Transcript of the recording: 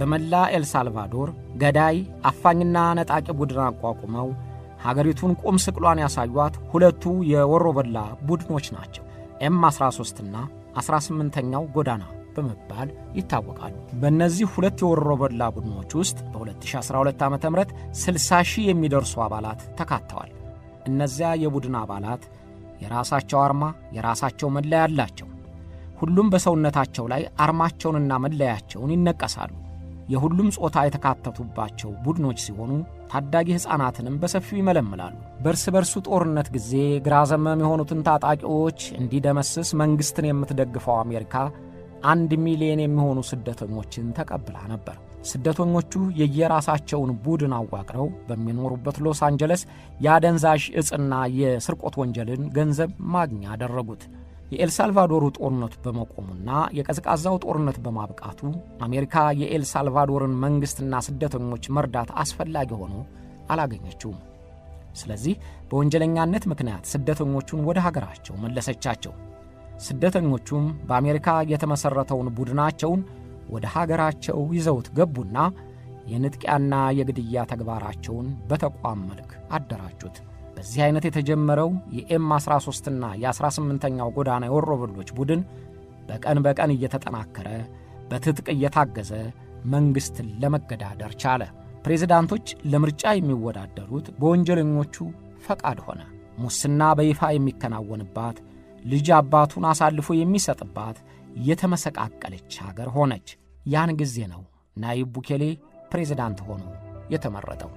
በመላ ኤልሳልቫዶር ገዳይ አፋኝና ነጣቂ ቡድን አቋቁመው ሀገሪቱን ቁም ስቅሏን ያሳዩት ሁለቱ የወሮበላ ቡድኖች ናቸው። ኤም 13ና 18ኛው ጎዳና በመባል ይታወቃሉ። በእነዚህ ሁለት የወሮበላ ቡድኖች ውስጥ በ2012 ዓ ም 60 ሺህ የሚደርሱ አባላት ተካተዋል። እነዚያ የቡድን አባላት የራሳቸው አርማ፣ የራሳቸው መለያ አላቸው። ሁሉም በሰውነታቸው ላይ አርማቸውንና መለያቸውን ይነቀሳሉ። የሁሉም ጾታ የተካተቱባቸው ቡድኖች ሲሆኑ ታዳጊ ሕፃናትንም በሰፊው ይመለምላሉ። በእርስ በርሱ ጦርነት ጊዜ ግራ ዘመም የሆኑትን ታጣቂዎች እንዲደመስስ መንግሥትን የምትደግፈው አሜሪካ አንድ ሚሊዮን የሚሆኑ ስደተኞችን ተቀብላ ነበር። ስደተኞቹ የየራሳቸውን ቡድን አዋቅረው በሚኖሩበት ሎስ አንጀለስ የአደንዛዥ እጽና የስርቆት ወንጀልን ገንዘብ ማግኛ አደረጉት። የኤልሳልቫዶሩ ጦርነት በመቆሙና የቀዝቃዛው ጦርነት በማብቃቱ አሜሪካ የኤልሳልቫዶርን መንግሥትና ስደተኞች መርዳት አስፈላጊ ሆኖ አላገኘችውም። ስለዚህ በወንጀለኛነት ምክንያት ስደተኞቹን ወደ ሀገራቸው መለሰቻቸው። ስደተኞቹም በአሜሪካ የተመሠረተውን ቡድናቸውን ወደ ሀገራቸው ይዘውት ገቡና የንጥቂያና የግድያ ተግባራቸውን በተቋም መልክ አደራጁት። በዚህ አይነት የተጀመረው የኤም 13ና የ18ኛው ጎዳና የወሮበሎች ቡድን በቀን በቀን እየተጠናከረ በትጥቅ እየታገዘ መንግሥትን ለመገዳደር ቻለ። ፕሬዝዳንቶች ለምርጫ የሚወዳደሩት በወንጀለኞቹ ፈቃድ ሆነ። ሙስና በይፋ የሚከናወንባት፣ ልጅ አባቱን አሳልፎ የሚሰጥባት የተመሰቃቀለች አገር ሆነች። ያን ጊዜ ነው ናይብ ቡኬሌ ፕሬዝዳንት ሆኖ የተመረጠው።